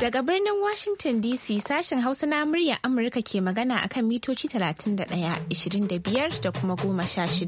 Daga birnin Washington DC sashen Hausa na murya Amurka ke magana akan mitoci 31, 25 da kuma 16.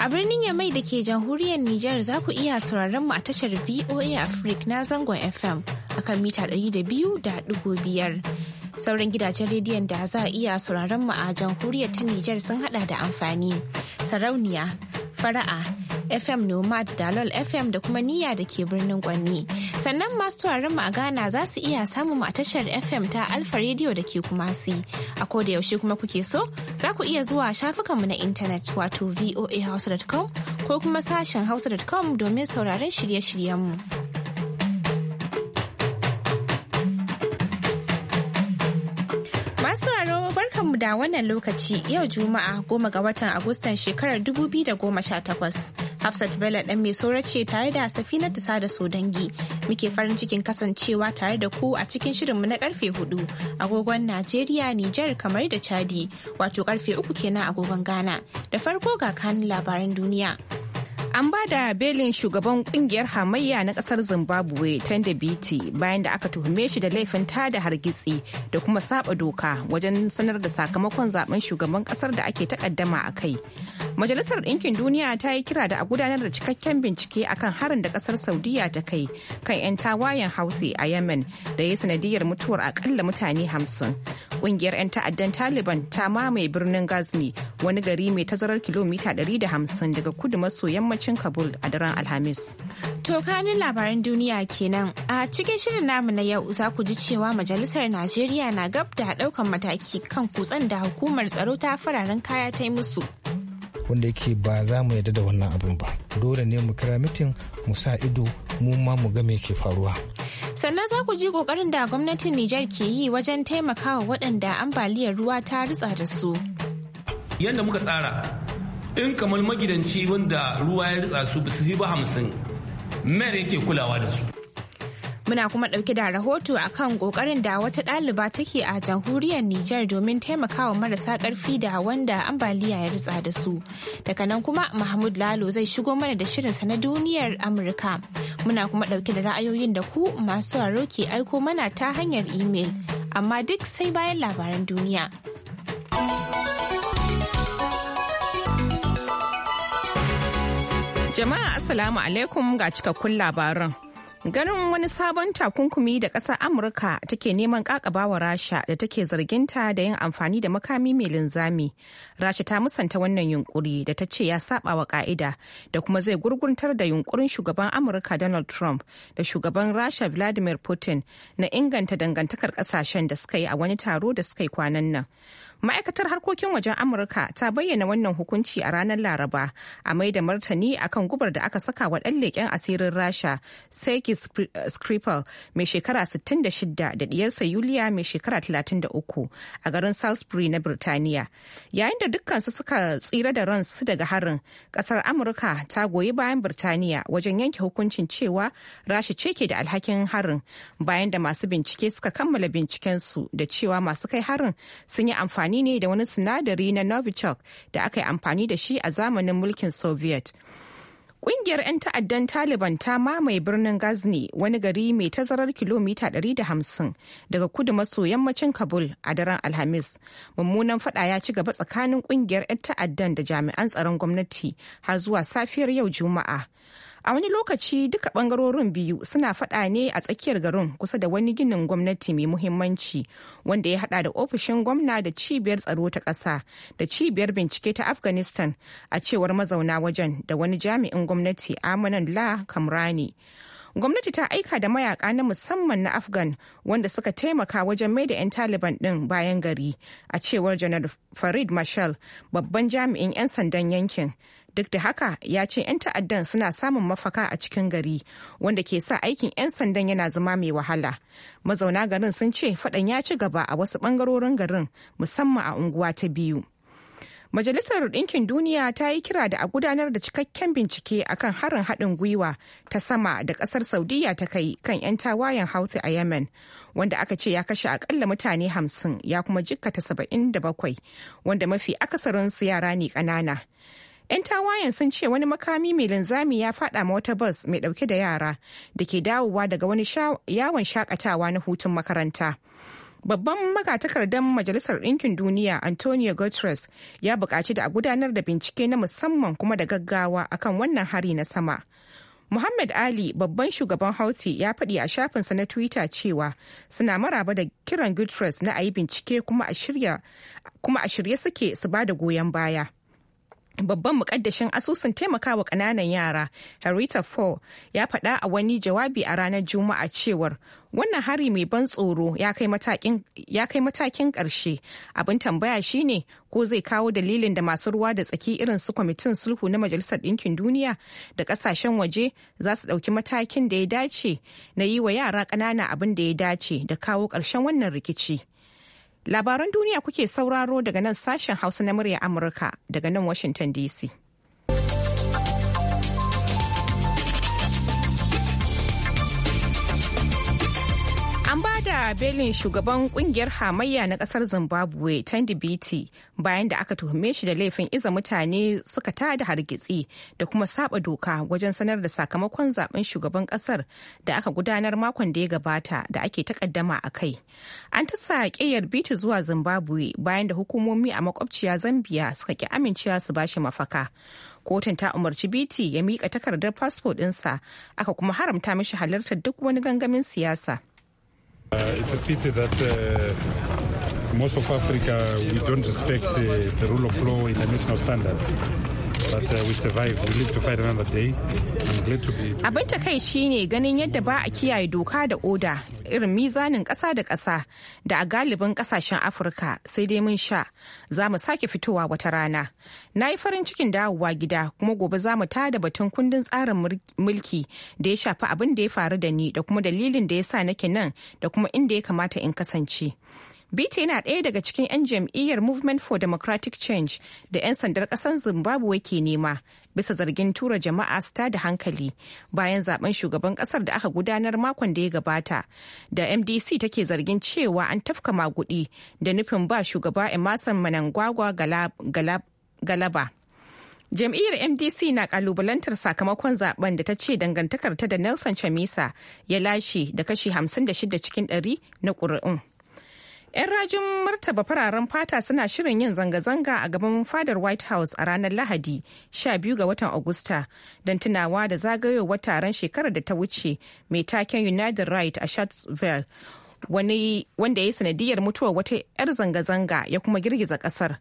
A birnin Yamai da ke jamhuriyar Nijar za ku iya sauraron mu a tashar VOA Africa na zangon FM akan mita da 200.5. Sauran gidajen rediyon da za a iya sauraron mu a jamhuriyar ta Nijar sun hada da amfani, sarauniya, fara'a, FM Nomad Dalol FM da kuma Niyya da ke birnin Gwanni. Sannan masu mu a Ghana za su iya samun mu a tashar FM ta Alfa Radio da ke Kumasi. A koda yaushe kuma kuke so, za ku iya zuwa shafukanmu na intanet wato voahouse.com ko kuma sashen hausa.com domin sauraron shirye-shiryenmu. mu da wannan lokaci yau Juma'a goma ga watan Agustan shekarar 2018. Hafsat Bello ɗan mai ce tare da Safina Tisa da Sodangi. Muke farin cikin kasancewa tare da ku a cikin shirinmu na karfe hudu agogon Najeriya, Nijar, kamar da Chadi, wato karfe uku kenan agogon Ghana. Da farko ga kanin labaran duniya. An ba da belin shugaban kungiyar hamayya na kasar Zimbabwe Tanda Biti bayan da aka tuhume shi da laifin tada hargitsi da kuma saba doka wajen sanar da sakamakon zaben shugaban kasar da ake takaddama a kai. Majalisar Ɗinkin Duniya ta yi kira da a gudanar da cikakken bincike akan harin da kasar Saudiya ta kai kan 'yan tawayen Houthi a Yemen da ya sanadiyar mutuwar akalla mutane hamsin. Kungiyar 'yan ta'addan Taliban ta mamaye birnin Ghazni wani gari mai tazarar kilomita 150 daga kudu maso yammacin arewacin Kabul a daren Alhamis. To kanin labaran duniya kenan a cikin shirin namu na yau za ku ji cewa majalisar Najeriya na gab da daukan mataki kan kutsan da hukumar tsaro ta fararen kaya ta yi musu. wanda yake ba za mu yarda da wannan abin ba dole ne mu kira mitin mu sa ido mu ma mu ga me ke faruwa sannan za ku ji kokarin da gwamnatin Nijar ke yi wajen taimakawa waɗanda ambaliyar ruwa ta rutsa da su yadda muka tsara in kamar magidanci wanda ruwa ya ritsa su su ba hamsin mayar yake kulawa da su muna kuma ɗauke da rahoto a kan ƙoƙarin da wata ɗaliba take a jamhuriyar Nijar domin taimakawa marasa ƙarfi da wanda ambaliya ya ritsa da su. Daga nan kuma Mahmud Lalo zai shigo mana da shirinsa na duniyar Amurka. Muna kuma ɗauke da ra'ayoyin da ku masu aro ke aiko mana ta hanyar imel, amma duk sai bayan labaran duniya. Jama'a Assalamu alaikum ga cikakkun labaran. Ganin wani sabon takunkumi da ƙasar Amurka take neman ƙaƙabawa Rasha da take zarginta da yin amfani da makami mai linzami. Rasha ta musanta wannan yunkuri da ta ce ya saba wa ƙa'ida da kuma zai gurguntar da yunkurin shugaban Amurka Donald Trump da shugaban Rasha Vladimir Putin na inganta dangantakar ƙasashen da suka yi a wani taro da suka yi kwanan nan. ma'aikatar harkokin wajen amurka ta bayyana wannan hukunci a ranar laraba a mai da martani akan gubar da aka saka wa ɗan leƙen asirin rasha sergei eh, skripal mai shekara 66 da ɗiyarsa yuliya mai shekara 33 a garin salisbury na birtaniya yayin da dukkansu suka tsira da ransu daga harin ƙasar amurka ta goyi bayan birtaniya wajen yanke hukuncin cewa rasha ce ke da alhakin harin bayan da masu bincike suka kammala bincikensu da cewa masu kai harin sun yi amfani amfani ne da wani sinadari na Novichok da aka yi amfani da shi a zamanin mulkin Soviet. Ƙungiyar 'yan ta'addan Taliban ta mamaye birnin Ghazni wani gari mai tazarar kilomita 150 daga kudu maso yammacin Kabul a daren Alhamis. Mummunan fada ya ci gaba tsakanin ƙungiyar 'yan ta'addan da jami'an tsaron gwamnati har zuwa safiyar yau Juma'a. a wani lokaci duka bangarorin biyu suna fada ne a tsakiyar garin kusa da wani ginin gwamnati mai muhimmanci wanda ya hada da ofishin gwamna da cibiyar tsaro ta ƙasa da cibiyar bincike ta afghanistan a cewar mazauna wajen da wani jami'in gwamnati amanan la kamrani gwamnati ta aika da mayaka na musamman na afghan wanda suka taimaka wajen mai da 'yan taliban din bayan gari a cewar janar farid marshal babban jami'in 'yan sandan yankin duk da haka ya ce 'yan ta'addan suna samun mafaka a cikin gari wanda ke sa aikin 'yan sandan yana zama mai wahala mazauna garin sun ce fadan ya ci gaba a wasu bangarorin garin musamman a unguwa ta biyu Majalisar Ɗinkin Duniya ta yi kira da a gudanar da cikakken bincike a kan harin haɗin gwiwa ta sama da ƙasar Saudiya ta kai kan 'yan tawayen Houthi a Yemen, wanda aka ce ya kashe akalla mutane hamsin ya kuma jikkata saba'in da bakwai, wanda mafi akasarinsu yara ne ƙanana. 'Yan tawayen sun ce wani makami mai linzami ya fada ma wata bus mai dauke da yara da ke dawowa daga wani yawon shakatawa na hutun makaranta. Babban magatakardan Majalisar Ɗinkin Duniya Antonio Guterres ya buƙaci da a gudanar da bincike na musamman kuma da gaggawa akan wannan hari na sama. Muhammad Ali babban shugaban Houthi ya faɗi a shafinsa na Twitter cewa suna maraba da kiran Guterres na a yi bincike kuma a shirye suke su ba da goyon baya. babban mukaddashin asusun taimakawa kananan yara harita paul ya faɗa a wani jawabi a ranar juma'a cewar wannan hari mai ban tsoro ya kai matakin ƙarshe abin tambaya shine ko zai kawo dalilin da masu ruwa da tsaki irin su kwamitin sulhu na majalisar ɗinkin duniya da ƙasashen waje za su ɗauki matakin da ya dace na yi wa yara ƙanana abin da ya dace da kawo ƙarshen wannan rikici Labaran duniya kuke sauraro daga nan sashen Hausa na murya Amurka daga nan Washington DC. da belin shugaban kungiyar hamayya na kasar zimbabwe tandi biti bayan da aka tuhume shi da laifin iza mutane suka ta da hargitsi da kuma saba doka wajen sanar da sakamakon zaben shugaban kasar da aka gudanar makon da ya gabata da ake takaddama a kai an tasa ƙeyar biti zuwa zimbabwe bayan da hukumomi a makwabciya zambia suka ki amincewa su bashi mafaka kotun ta umarci biti ya miƙa takardar fasfo ɗinsa aka kuma haramta mishi halartar duk wani gangamin siyasa Uh, it's a pity that uh, most of Africa, we don't respect uh, the rule of law, international standards. Uh, abin ta kai shi ne ganin yadda ba a kiyaye doka da oda irin mizanin ƙasa da ƙasa da a galibin ƙasashen Afirka sai dai mun sha za mu sake fitowa wata rana. Na yi farin cikin dawowa gida kuma gobe za mu tada batun kundin tsarin mulki da ya shafi abin da ya faru da ni da kuma dalilin da ya sa nake nan da kuma inda ya kamata in kasance. bita yana ɗaya daga cikin 'yan jam'iyyar Movement for Democratic Change da 'yan sandar ƙasar Zimbabwe ke nema bisa zargin tura jama'a su da hankali bayan zaben shugaban ƙasar da aka gudanar makon da ya gabata da MDC take zargin cewa an tafka maguɗi da nufin ba shugaba Emerson Manangwagwa galaba. jam'iyyar mdc na kalubalantar sakamakon zaben da ta ce dangantakar ta da nelson chamisa ya lashe da kashi 56 cikin 100 na ƙuri'un. 'Yan rajin martaba fararen fata suna shirin yin zanga-zanga a gaban fadar White House a ranar Lahadi 12 ga watan Agusta don tunawa da zagayowar taron shekarar da ta wuce mai taken United Right a Charlottesville wanda ya yi sanadiyar mutuwar wata 'yar zanga-zanga ya kuma girgiza kasar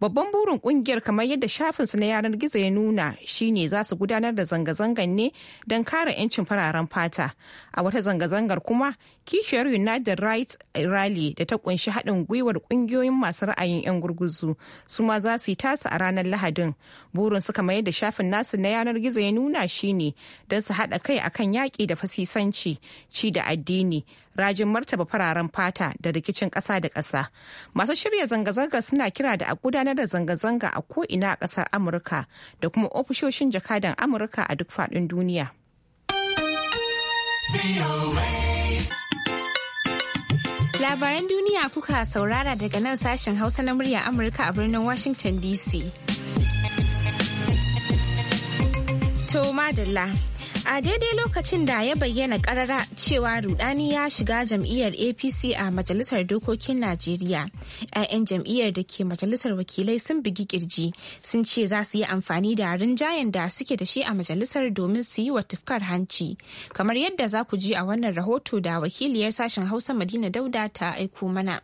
babban burin kungiyar kamar yadda shafin su na yanar gizo ya nuna shine za su gudanar da zanga-zangan ne don kare 'yancin fararen fata a wata zanga-zangar kuma kishiyar united rights rally da ta kunshi haɗin gwiwar kungiyoyin masu ra'ayin 'yan gurguzu su ma za su yi tasa a ranar lahadin burin su kamar yadda shafin nasu na yanar gizo ya nuna shine don su haɗa kai akan yaƙi da fasisanci ci da addini rajin martaba fararen fata da rikicin ƙasa da ƙasa. Masu shirya zanga zanga suna kira da a gudanar da zanga-zanga a ko'ina a ƙasar Amurka da kuma ofishoshin jakadan Amurka a duk faɗin duniya. Labaran duniya kuka saurara daga nan sashen Hausa na murya Amurka a birnin Washington DC. To madalla. A daidai lokacin da ya bayyana karara cewa rudani ya shiga jam'iyyar APC a Majalisar Dokokin Najeriya, 'ya'yan jam'iyyar da ke Majalisar Wakilai sun bugi kirji sun ce za su yi amfani da rinjayen da suke da shi a Majalisar domin su yi wa tufkar hanci. Kamar yadda za ku ji a wannan rahoto da wakiliyar sashen Hausa Madina Dauda ta aiko mana.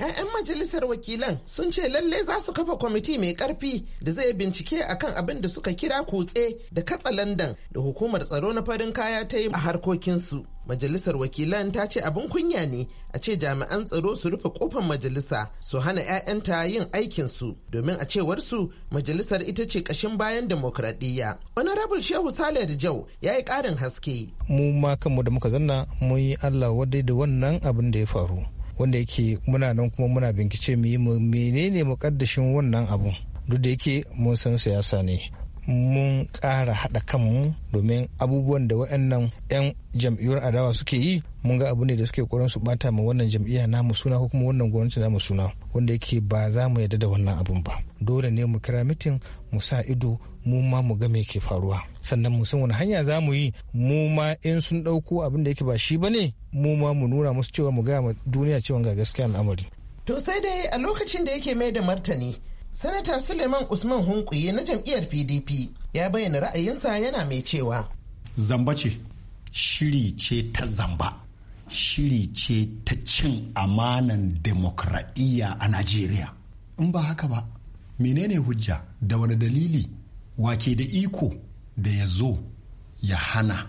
'Ya'yan majalisar wakilan sun ce lalle za su kafa kwamiti mai karfi da zai bincike akan abin da suka kira kutse da katsa London da hukumar tsaro na farin kaya ta yi a harkokinsu. Majalisar wakilan ta ce abin kunya ne a ce jami'an tsaro su rufe kofar majalisa su hana 'ya'yanta yin aikinsu domin a cewar su majalisar ita ce kashin bayan demokradiyya. Honorable Shehu Saleh Jau ya yi ƙarin haske. Mu ma kanmu da muka zanna mun yi Allah wadai da wannan abin da ya faru. wanda yake muna nan kuma muna bincike mu yi menene mukaddashin wannan abun duk da yake mun san siyasa ne mun ƙara haɗa kanmu domin abubuwan da waɗannan 'yan jam'iyyar adawa suke yi mun ga abu ne da suke ƙoran su ɓata ma wannan jam'iyya namu suna ko kuma wannan gwamnati na suna wanda yake ba za mu yarda da wannan abun ba dole ne mu kira mitin mu sa ido mu ma mu ga me ke faruwa sannan mu san wani hanya za mu yi mu ma in sun ɗauko abin da yake ba shi ba ne mu ma mu nuna musu cewa mu gaya duniya cewa ga gaskiya al'amari. to sai dai a lokacin da yake mai da martani Sanata Suleiman Usman Hunkuye na jam'iyyar PDP ya bayyana ra'ayinsa yana mai cewa. Zamba ce, shiri ce ta zamba, shiri ce ta cin amanan demokradiyya a Najeriya. In ba haka ba, menene hujja da wani dalili wake da iko da ya zo ya hana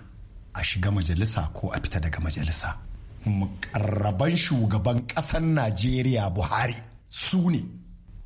a shiga majalisa ko a fita daga majalisa. Mukarraban shugaban ƙasar Najeriya Buhari su ne.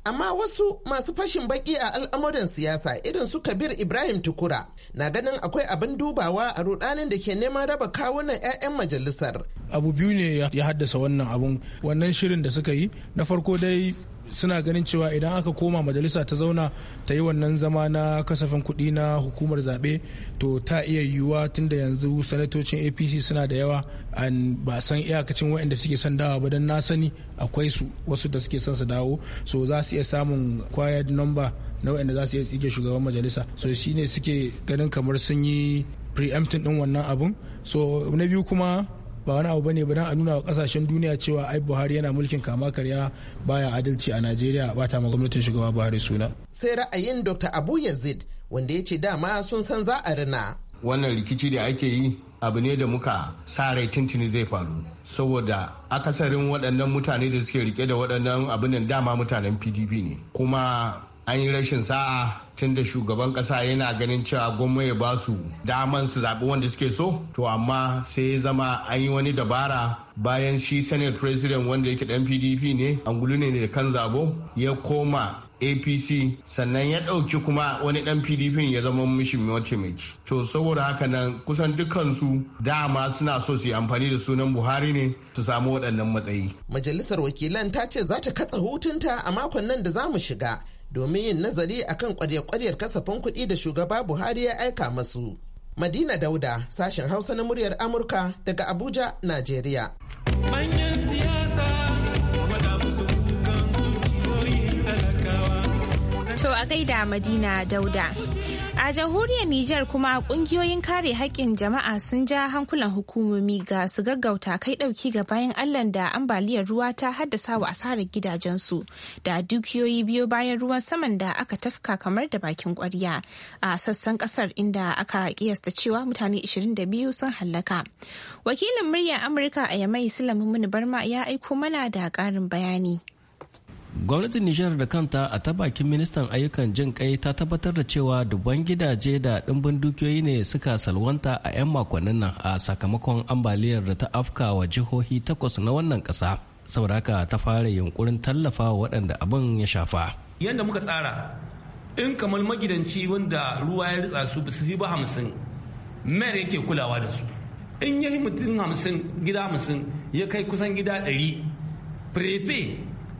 amma wasu masu fashin baki a al'amuran siyasa irin su kabir ibrahim tukura na ganin akwai abin dubawa a rudanin da ke neman raba kawunan 'ya'yan majalisar abu biyu ne ya haddasa wannan abun wannan shirin da suka yi na farko dai suna ganin cewa idan aka koma majalisa ta zauna ta yi wannan zama na kasafin kuɗi na hukumar zaɓe to ta iya yiwuwa tunda yanzu sanatocin apc suna da yawa an ba san iyakacin waɗanda suke son dawa ba don na sani akwai su wasu da suke son su dawo so za su iya samun quiet number na waɗanda za su iya tsige shugaban majalisa so shi ne suke ganin kamar sun yi preempting din wannan abun so na biyu kuma ba wani abu bane ba dan a nuna wa kasashen duniya cewa ai Buhari yana mulkin kama karya baya adalci a Najeriya ba ta ma gwamnatin shugaba Buhari suna sai ra'ayin Dr. Abu Yazid wanda ya ce dama sun san za a rina wannan rikici da ake yi abu ne da muka sa rai tintini zai faru saboda akasarin waɗannan mutane da suke rike da waɗannan abin dama mutanen pdp ne kuma an yi rashin sa'a tunda shugaban kasa yana ganin cewa gwamma ya ba su daman su zaɓi wanda suke so to amma sai ya zama an yi wani dabara bayan shi senate president wanda yake dan pdp ne angulu ne da kan zabo ya koma apc sannan ya ɗauki kuma wani ɗan pdp ya zama mishi mataimaki to saboda haka nan kusan dukansu dama suna so su yi amfani da sunan buhari ne su samu waɗannan matsayi majalisar wakilan ta ce za ta katsa hutunta a makon nan da za mu shiga domin yin nazari akan kwarya-kwaryar kasafin kuɗi da shugaba Buhari ya aika masu. Madina Dauda, sashen Hausa na muryar Amurka daga Abuja, Najeriya. Manyan a gaida Madina Dauda. A jamhuriyar Nijar kuma kungiyoyin kare haƙƙin jama'a sun ja hankulan hukumomi ga su gaggauta kai ɗauki ga bayan Allahn da ambaliyar ruwa ta haddasa wa asarar gidajensu da dukiyoyi biyo bayan ruwan saman da aka tafka kamar da bakin ƙwarya a sassan ƙasar inda aka ƙiyasta cewa mutane 22 sun hallaka. Wakilin muryar Amurka a Yamai Sulaiman Barma ya aiko mana da ƙarin bayani. gwamnatin nijar da kanta a ta bakin ministan ayyukan jin kai ta tabbatar da cewa dubban gidaje da dimbin dukiyoyi ne suka salwanta a 'yan makonnin nan a sakamakon ambaliyar da ta afka wa jihohi takwas na wannan kasa saboda haka ta fara yunkurin tallafa waɗanda abin ya shafa yadda muka tsara in kamar magidanci wanda ruwa ya ritsa su su fi ba hamsin mayar yake kulawa da su in ya mutum hamsin gida hamsin ya kai kusan gida ɗari prefe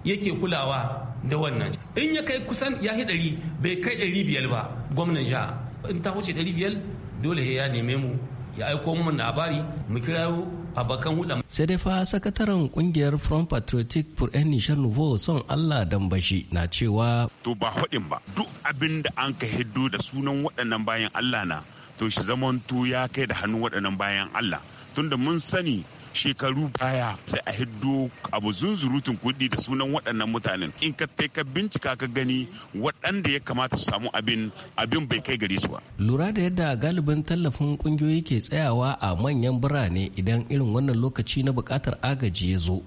yake kulawa da wannan in ya kai kusan ya ɗari bai kai ɗari biyar ba gwamnan jiha in ta wuce ɗari biyar dole ya neme mu ya aiko mu labari mu kirawo a bakan hula. sai dai fa sakataren kungiyar front patriotic for un niger nouveau son allah dambashi na cewa to ba faɗin ba duk abin da an ka hiddo da sunan waɗannan bayan allah na to shi zamanto ya kai da hannu waɗannan bayan allah tunda mun sani shekaru baya sai a hiddo abu zunzurutun kuɗi da sunan waɗannan mutanen in ka kai ka bincika ka gani waɗanda ya kamata su samu abin abin bai kai gari su ba lura da yadda galibin tallafin kungiyoyi ke tsayawa a manyan birane idan irin wannan lokaci na buƙatar agaji ya zo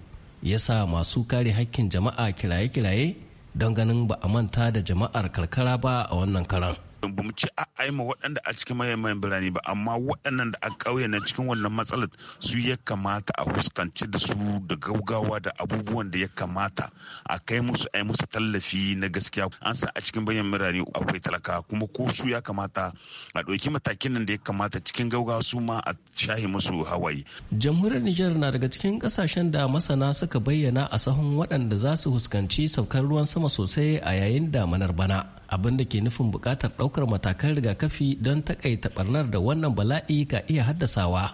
ya sa masu kare hakkin jama'a kiraye-kiraye don ganin ba a manta da jama'ar karkara ba a wannan karan ba mu ci a aima waɗanda a cikin mayan birane ba amma waɗannan da a ƙauye na cikin wannan matsalar su ya kamata a fuskanci da su da gaugawa da abubuwan da ya kamata a kai musu a musu tallafi na gaskiya an sa a cikin bayan birane akwai talaka kuma ko su ya kamata a ɗauki matakin nan da ya kamata cikin gaugawa su ma a shahi musu hawaye. jamhuriyar nijar na daga cikin ƙasashen da masana suka bayyana a sahun waɗanda za su fuskanci saukar ruwan sama sosai a yayin damanar bana. abin da ke nufin bukatar ɗaukar matakan rigakafi don takaita barnar da wannan bala'i ka iya haddasawa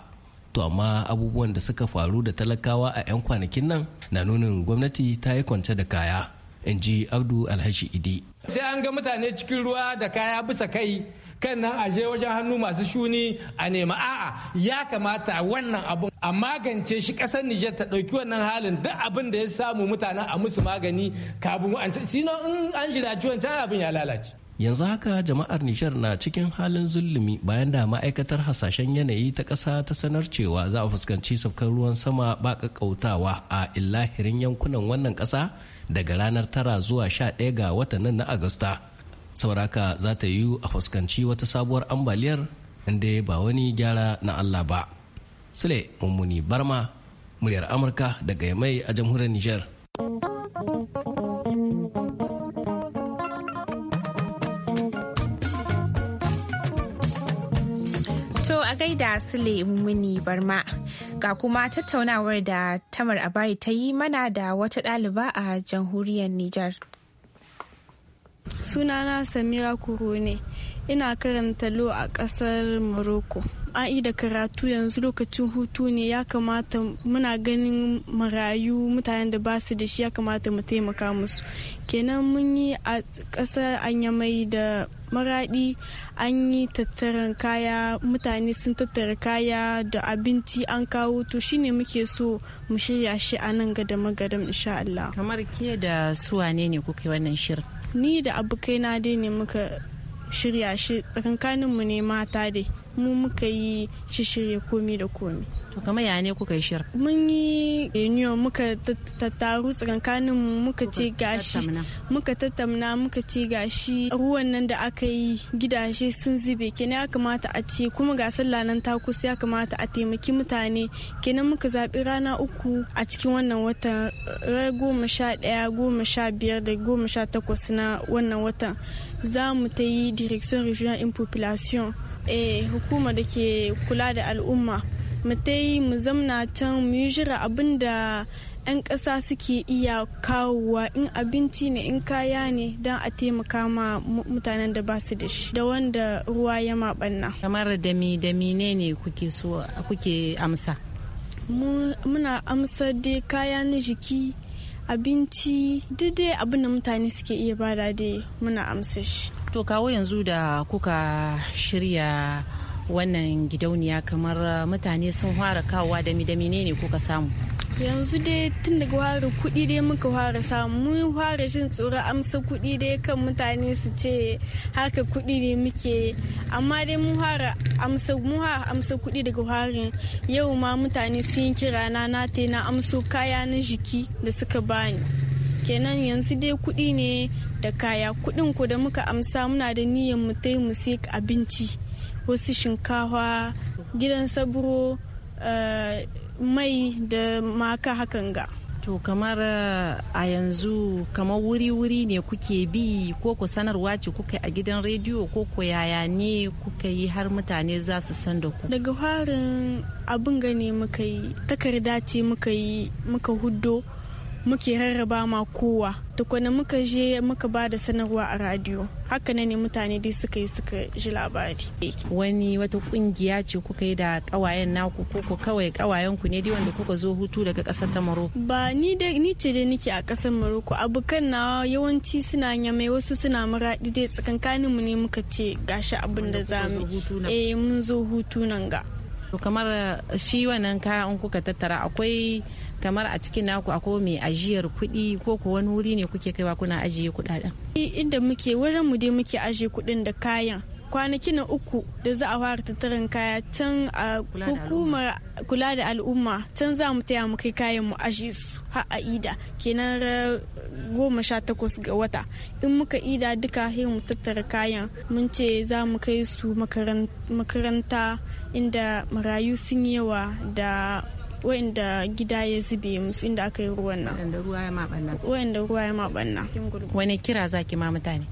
to amma abubuwan da suka faru da talakawa a 'yan kwanakin nan na nunin gwamnati ta yi kwance da kaya in ji abdu alhaji idi sai an ga mutane cikin ruwa da kaya bisa kai kan nan a wajen hannu masu shuni a nema a'a ya kamata wannan abun a magance shi kasar Nijar ta ɗauki wannan halin duk abin da ya samu mutanen a musu magani kafin ci sino in an jiraci wancan abin ya lalace. yanzu haka jama'ar nijar na cikin halin zulumi bayan da ma'aikatar hasashen yanayi ta ƙasa ta sanar cewa za a fuskanci saukar ruwan sama ba ƙaƙƙautawa a illahirin yankunan wannan ƙasa daga ranar tara zuwa sha ɗaya ga watan na agusta sauraka za ta yiwu a fuskanci wata sabuwar ambaliyar inda ba wani gyara na Allah ba. Sule Mummuni Barma, muryar Amurka daga Yamai a jamhuriyar Nijar. To a gaida Sule Mummuni Barma. Ga kuma tattaunawar da Tamar Abari ta yi mana da wata ɗaliba a jamhuriyar Nijar. Sunana Samira Kuro ina karanta lo a kasar Morocco. an da karatu yanzu lokacin hutu ne ya kamata muna ganin marayu mutanen da basu da shi ya kamata mu taimaka musu kenan mun yi a ƙasar anyamai da maradi an yi tattara kaya mutane sun tattara kaya da abinci an kawo to shine muke so mu shirya shi a nan ga da insha Allah kamar ke da suwane ne kuka yi wannan shirin ni da abokaina dai ne muka shirya shi tsakankaninmu ne mata dai mu muka yi shishirya komi da komi to kama ya ne kuka yi shir mun yi reunion muka tattaru tsirankanin mu muka ce gashi muka tattamna muka ce gashi ruwan nan da aka yi gidaje sun zube kenan ya kamata a ce kuma ga sallah nan ta kusa ya kamata a taimaki mutane kenan muka zaɓi rana uku a cikin wannan watan goma sha ɗaya goma sha biyar da goma sha takwas na wannan watan za mu ta yi direction regional in population Eh, hukuma da ke kula da al'umma mu yi mu zamna can mu yi jira abin da 'yan ƙasa suke iya kawowa in abinci ne in kaya ne don a taimaka ma mutanen da ba su da shi da wanda ruwa ya maɓanna. kamar da mi da mi ne kuke amsa muna amsa dai kaya na jiki abinci daidai abin da mutane suke iya bada dai muna amsa shi to kawo yanzu da kuka shirya wannan gidauniya kamar uh, mutane sun fara kawowa da ne ko kuka samu yanzu dai tun daga fara kuɗi dai muka fara samu mun fara jin tsoro amsa kuɗi dai kan mutane su ce haka kuɗi ne muke amma dai mun fara amsa mun amsa kuɗi daga farin yau ma mutane sun kira na na te na amso kaya na jiki da suka bani kenan yanzu dai kuɗi ne da kaya kuɗin ku da muka amsa muna da niyyar mu mu sai abinci wasu shinkawa gidan saburo eh, mai da maka hakan ga to kamar eh, a yanzu kamar wuri-wuri ne kuke bi ko ku sanarwa ce kuka a gidan rediyo ko ku yaya ne kuka yi har mutane za su san da ku daga farin abin gani muka yi takarda ce muka yi muka huddo muke rarraba ma kowa tukuna muka je muka ba da sanarwa a radio haka na ne mutane dai suka yi suka ji labari wani wata kungiya ce kuka yi da kawayen naku ko ku kawai kawayen ku ne dai wanda kuka zo hutu daga kasar ta Morocco ba ni da ni ce dai nake a kasar Morocco abukan na yawanci suna nyame wasu suna maradi dai tsakankanin mu ne muka ce gashi abin da zamu eh mun zo hutu nan ga to kamar eh, shi wannan kaya in kuka tattara akwai kamar a cikin naku akwai mai ajiyar kuɗi ko ko wani wuri ne kuke kaiwa kuna ajiye kuɗaɗen inda muke wurin mu dai muke ajiye kuɗin da kayan kwanaki na uku da za a fara tattarin kaya can a hukumar kula da al'umma can za mu taya mu kai kayan mu a su har a ida kenan goma sha takwas ga wata in muka ida duka sai mu tattara kayan mun ce za mu kai su makaranta inda marayu sun yawa da wa'inda gida ya zube musu inda aka yi ruwan nan wa'inda ruwa ya maɓanna wani kira za ki ma mutane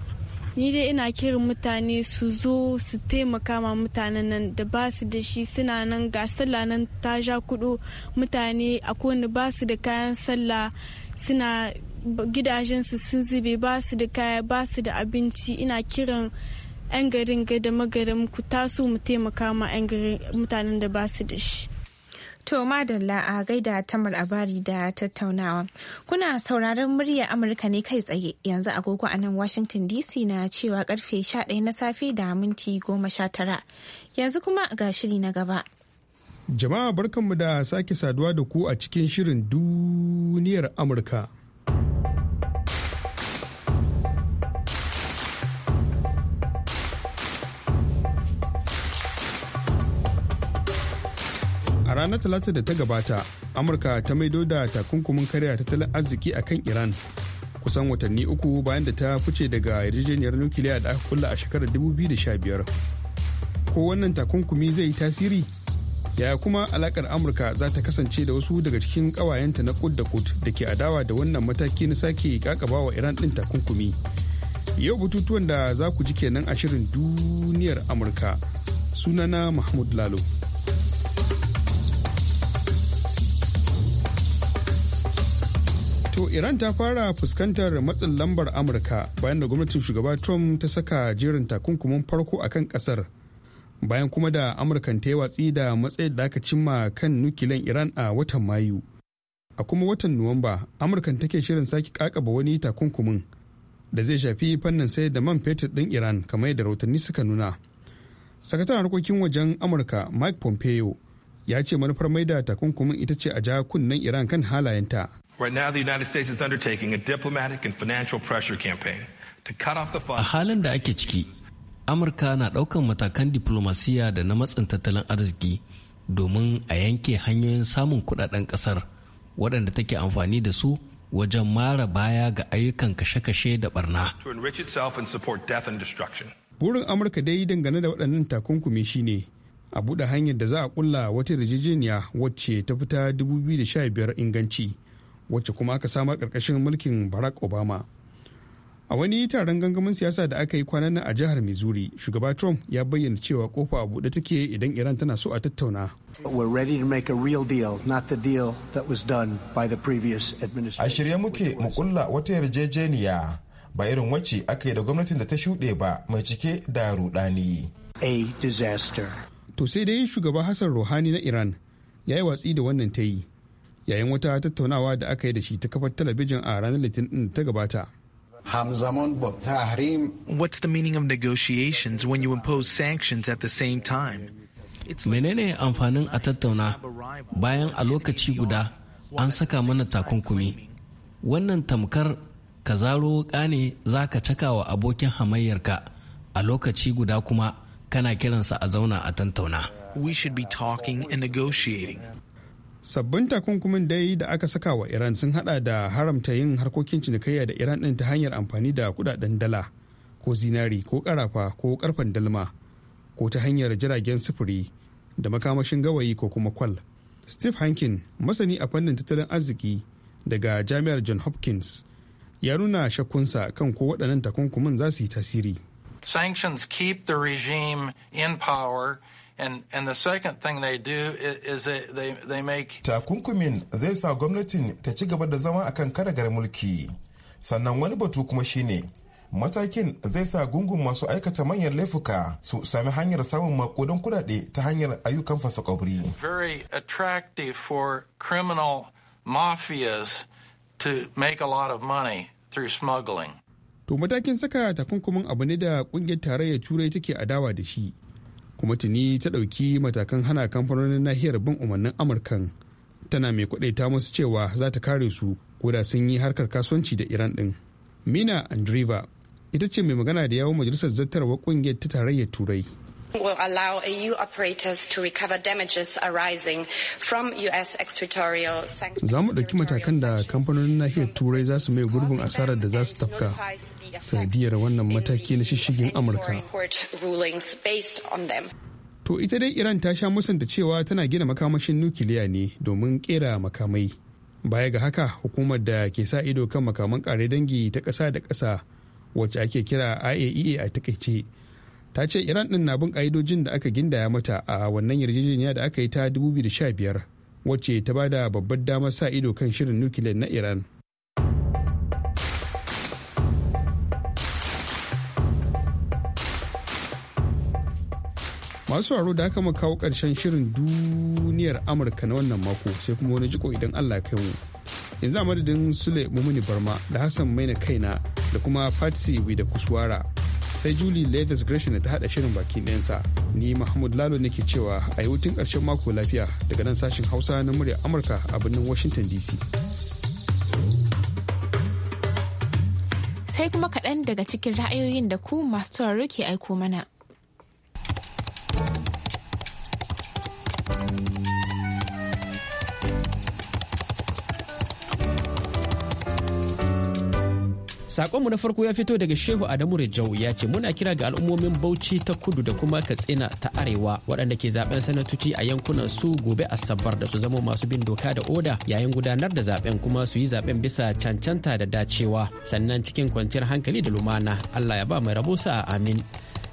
ni dai ina kirin mutane su zo su taimaka ma mutanen nan da ba su da shi suna nan ga sallah nan ta ja kudu mutane a wanda ba su da kayan sallah suna gidajensu sun zube ba su da kaya ba su da abinci ina kiran 'yan garin gada magarin ku taso mu taimaka ma 'yan garin mutanen da ba su da shi To madalla a gaida tamar abari da tattaunawa. Kuna sauraron murya Amurka ne kai tsaye yanzu agogo a nan Washington DC na cewa karfe 11 na safe da minti 19. Yanzu kuma ga shiri na gaba. Jama'a barkanmu da sake saduwa da ku a cikin shirin duniyar Amurka. a ranar talata da ta gabata amurka ta maido da takunkumin karya tattalin arziki a kan iran kusan watanni uku bayan da ta fice daga yarjejeniyar nukiliya da aka kulla a shekarar 2015 ko wannan takunkumi zai yi tasiri yaya kuma alakar amurka za ta kasance da wasu daga cikin kawayenta na kud da kud da ke adawa da wannan mataki na sake kakabawa iran din takunkumi yau bututuwan da za ku ji kenan a shirin duniyar amurka sunana mahmud lalo To Iran ta fara fuskantar matsin lambar Amurka bayan da gwamnatin shugaba Trump ta saka jerin takunkumin farko a kan kasar. Bayan kuma da Amurkan ta yi watsi da matsayi da aka cimma kan nukilan Iran a watan Mayu. A kuma watan Nuwamba, Amurkan take shirin sake kakaba wani takunkumin da zai shafi fannin sayar da man fetur ɗin Iran kamar yadda rahotanni suka nuna. Sakataren harkokin wajen Amurka Mike Pompeo ya ce manufar maida takunkumin ita ce a ja kunnen Iran kan halayenta. a diplomatic financial A halin da ake ciki, Amurka na ɗaukan matakan diplomasiya da na matsin tattalin arziki domin a yanke hanyoyin samun kuɗaɗen ƙasar waɗanda take amfani da su wajen mara baya ga ayyukan kashe-kashe da barna. Burin Amurka dai dangane da waɗannan takunkumi shine a buɗe hanyar da za a ƙulla wata yarjejeniya wacce ta fita 2015 inganci wacce kuma aka samar ƙarƙashin mulkin barack obama a wani taron gangamin siyasa da aka yi kwanan nan a jihar missouri shugaba trump ya bayyana cewa kofa a buɗe take idan iran tana so a tattauna a shirye muke mu kulla wata yarjejeniya ba irin wacce aka yi da gwamnatin da ta shuɗe ba mai cike da rudani a disaster to sai dai shugaba hassan ruhani na iran ya yi watsi da wannan ta yi yayin wata tattaunawa da aka yi da shi ta kafar talabijin a ranar litinin ta gabata What's the meaning of negotiations when you impose sanctions at the same time? Menene amfanin a tattauna bayan a lokaci guda an saka mana takunkumi. Wannan tamkar ka zaro wuka ne za ka caka wa abokin hamayyarka a lokaci guda kuma kana kiransa a zauna a tattauna. We should be talking and negotiating. sabbin takunkumin dai da aka saka wa iran sun hada da haramta yin harkokin cinikayya da iran din ta hanyar amfani da kudaden dala ko zinari ko karafa ko karfan dalma ko ta hanyar jiragen sufuri da makamashin gawayi ko kuma kwal steve hankin masani a fannin tattalin arziki daga jami'ar john hopkins ya nuna shakkunsa kan ko waɗannan takunkumin za su yi tasiri sanctions keep the regime in power And, and the second thing they do is they, they, they make... Takunkumin zai sa gwamnatin ta ci gaba da zama akan karagar mulki. Sannan wani batu kuma shine matakin zai sa gungun masu aikata manyan laifuka su sami hanyar samun makudan kudade ta hanyar ayyukan fasa kwabri. Very attractive for criminal mafias to make a lot of money through smuggling. To matakin saka takunkumin abu ne da kungiyar tarayyar turai take adawa da shi. kuma tuni ta ɗauki matakan hana kamfanonin nahiyar bin umarnin amurkan tana mai kwadaita musu cewa za ta kare su ko da sun yi harkar kasuwanci da iran ɗin mina andriva ita ce mai magana da yawon majalisar zattarwa ƙungiyar ta tarayyar turai will allow EU operators to recover damages arising from US extraterritorial sanctions. Za mu ɗauki matakan da kamfanonin nahiyar Turai za su mai gurbin asarar da za su tafka sanadiyar wannan mataki na shishigin Amurka. To ita dai Iran ta sha musanta cewa tana gina makamashin nukiliya ne domin kera makamai. Baya ga haka hukumar da ke sa ido kan makaman kare dangi ta ƙasa da ƙasa wacce ake kira IAEA e a takaice. ta ce iran din na bin ƙa'idojin da aka gindaya mata a wannan yarjejeniya da aka yi ta 2015 wacce ta bada babbar damar sa ido kan shirin nukiliyar na iran masu sauraro da aka mu kawo ƙarshen shirin duniyar amurka na wannan mako sai kuma wani jiko idan allah kai mu yanzu a madadin sule mumuni barma da hassan maina kaina da kuma fatsi da kuswara sai julie leathers gresham ta hada shirin baki ɗayansa ni mahmud lalo nake cewa a yi hutun ƙarshen mako lafiya daga nan sashen hausa na murya amurka a birnin washington dc sai kuma kaɗan daga cikin ra'ayoyin da ku masu tauraro ke aiko mana Sakonmu na farko ya fito daga Shehu Adamu Rajau ya ce muna kira ga al'ummomin Bauchi ta kudu da kuma Katsina ta arewa waɗanda ke zaben sanatoci a yankunan su gobe Asabar da su zama masu bin doka da oda yayin gudanar da zaben kuma su yi zaben bisa cancanta da dacewa sannan cikin kwanciyar hankali da lumana. Allah ya ba mai rabo sa amin.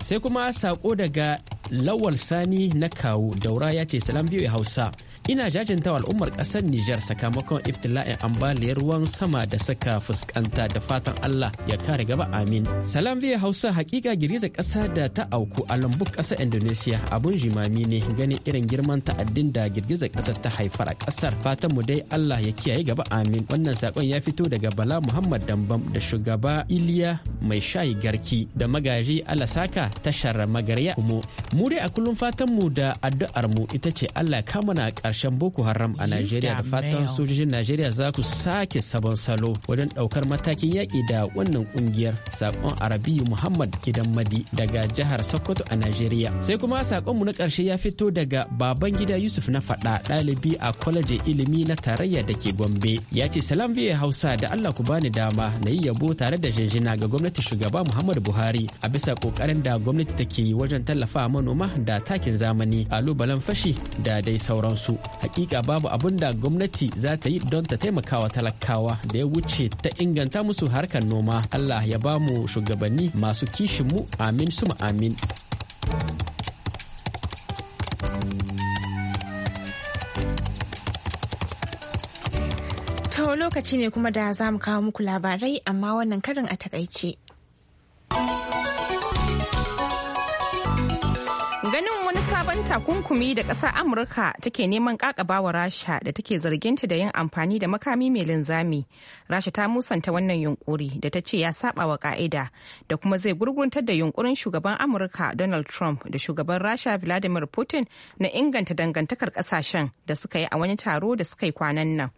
Sai kuma sako daga Lawal Sani na kawu Daura ya ce salam biyu Hausa. ina jajinta al'ummar ƙasar Nijar sakamakon iftila'in ambaliyar ruwan sama da saka fuskanta da fatan Allah ya kare gaba amin. Salam biya Hausa hakika giriza ƙasa da ta auku a lambuk ƙasar Indonesia abun jimami ne ganin irin girman ta'addin da girgizar kasar ta haifar a ƙasar fatan mu dai Allah ya kiyaye gaba amin. Wannan sakon ya fito daga Bala Muhammad Dambam da shugaba Iliya mai shayi garki da magaji Alasaka tashar magarya kuma mu dai a kullum fatan mu da addu'ar mu ita ce Allah kamana ƙarshe ƙarshen Boko Haram a Najeriya da fatan sojojin Najeriya za ku sake sabon salo wajen ɗaukar matakin yaƙi da wannan ƙungiyar saƙon Arabiyu Muhammad Gidan Madi daga jihar Sokoto a Najeriya. Sai kuma saƙonmu na ƙarshe ya fito daga baban gida Yusuf na faɗa ɗalibi a kwalejin ilimi na tarayya da ke Gombe. Ya ce salam biye Hausa da Allah ku bani dama na yi yabo tare da jinjina ga gwamnati shugaba Muhammadu Buhari a bisa ƙoƙarin da gwamnati take yi wajen tallafa manoma da takin zamani, ƙalubalen fashi da dai sauransu. hakika babu abin da gwamnati za ta yi don ta taimakawa talakawa da ya wuce ta inganta musu harkar noma allah ya ba mu shugabanni masu kishin mu amin suma amin To lokaci ne kuma da za mu kawo muku labarai amma wannan karin a takaice. sabon takunkumi da ƙasar amurka take neman kakabawa rasha da take zarginta da yin amfani da makami mai linzami rasha ta musanta wannan yunkuri da ta ce ya saba wa ka'ida da kuma zai gurguntar da yunkurin shugaban amurka donald trump da shugaban rasha vladimir putin na inganta dangantakar ƙasashen da suka yi a wani taro da suka yi kwanan nan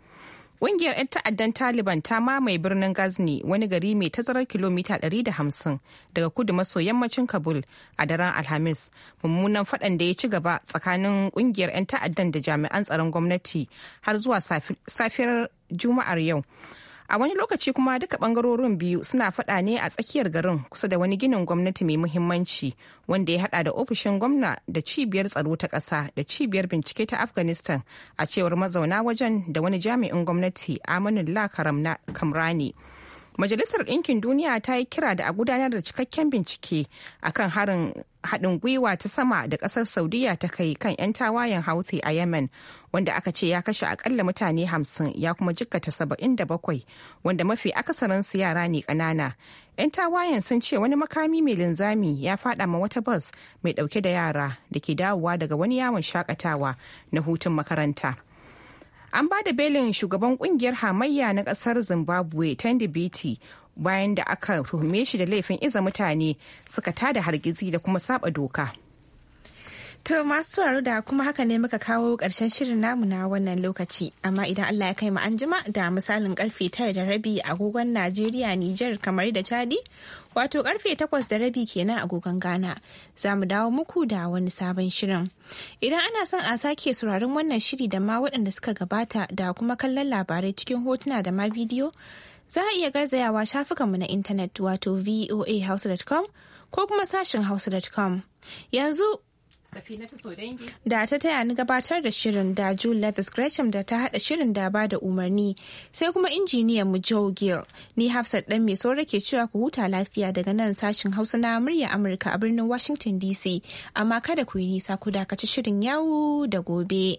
Ƙungiyar 'yan ta'addan Taliban ta mamaye birnin Ghazni wani gari mai tazarar kilomita 150 daga kudu maso yammacin Kabul a daren Alhamis. Mummunan faɗan da ya ci gaba tsakanin ƙungiyar 'yan ta'addan da jami'an tsaron gwamnati har zuwa safiyar Juma'ar yau. a wani lokaci kuma duka bangarorin biyu suna fada ne a tsakiyar garin kusa da wani ginin gwamnati mai muhimmanci wanda ya hada da ofishin gwamna da cibiyar tsaro ta ƙasa da cibiyar bincike ta afghanistan a cewar mazauna wajen da wani jami'in gwamnati aminullah kamrani Majalisar Ɗinkin Duniya ta yi kira da a gudanar da cikakken bincike akan harin haɗin gwiwa ta sama da ƙasar Saudiya ta kai kan 'yan tawayen hauti a Yemen wanda aka ce ya kashe akalla mutane hamsin ya kuma jikkata saba'in da bakwai wanda mafi akasarinsu yara ne ƙanana. 'Yan tawayen sun ce wani makami mai linzami ya faɗa ma wata bas mai ɗauke da yara da ke dawowa daga wani yawon shakatawa na hutun makaranta. an ba da belin shugaban kungiyar hamayya na kasar zimbabwe tendi biti bayan da aka tuhume shi da laifin iza mutane suka tada hargitsi da kuma saba doka To masu sauraro da kuma haka ne muka kawo ƙarshen shirin namu na wannan lokaci, amma idan Allah ya kai mu an jima da misalin karfe tara da rabi agogon Najeriya Nijar kamar da Chadi, wato karfe takwas da rabi kenan agogon Ghana, za mu dawo muku da wani sabon shirin. Idan ana son a sake sauraron wannan shiri da ma waɗanda suka gabata da kuma kallon labarai cikin hotuna da ma bidiyo, za a iya garzayawa shafukanmu na intanet wato voahouse.com ko kuma sashin hausa.com. Yanzu Da ta taya ni gabatar da shirin da June Leathers Gresham da ta haɗa shirin da ba da umarni sai kuma injiniyan mu Joe Gill. Ni Hafsat ɗan mai saura ke cewa ku huta lafiya daga nan sashin Hausa na murya Amurka a birnin Washington DC. Amma kada ku yi nisa ku dakaci shirin yawo da gobe.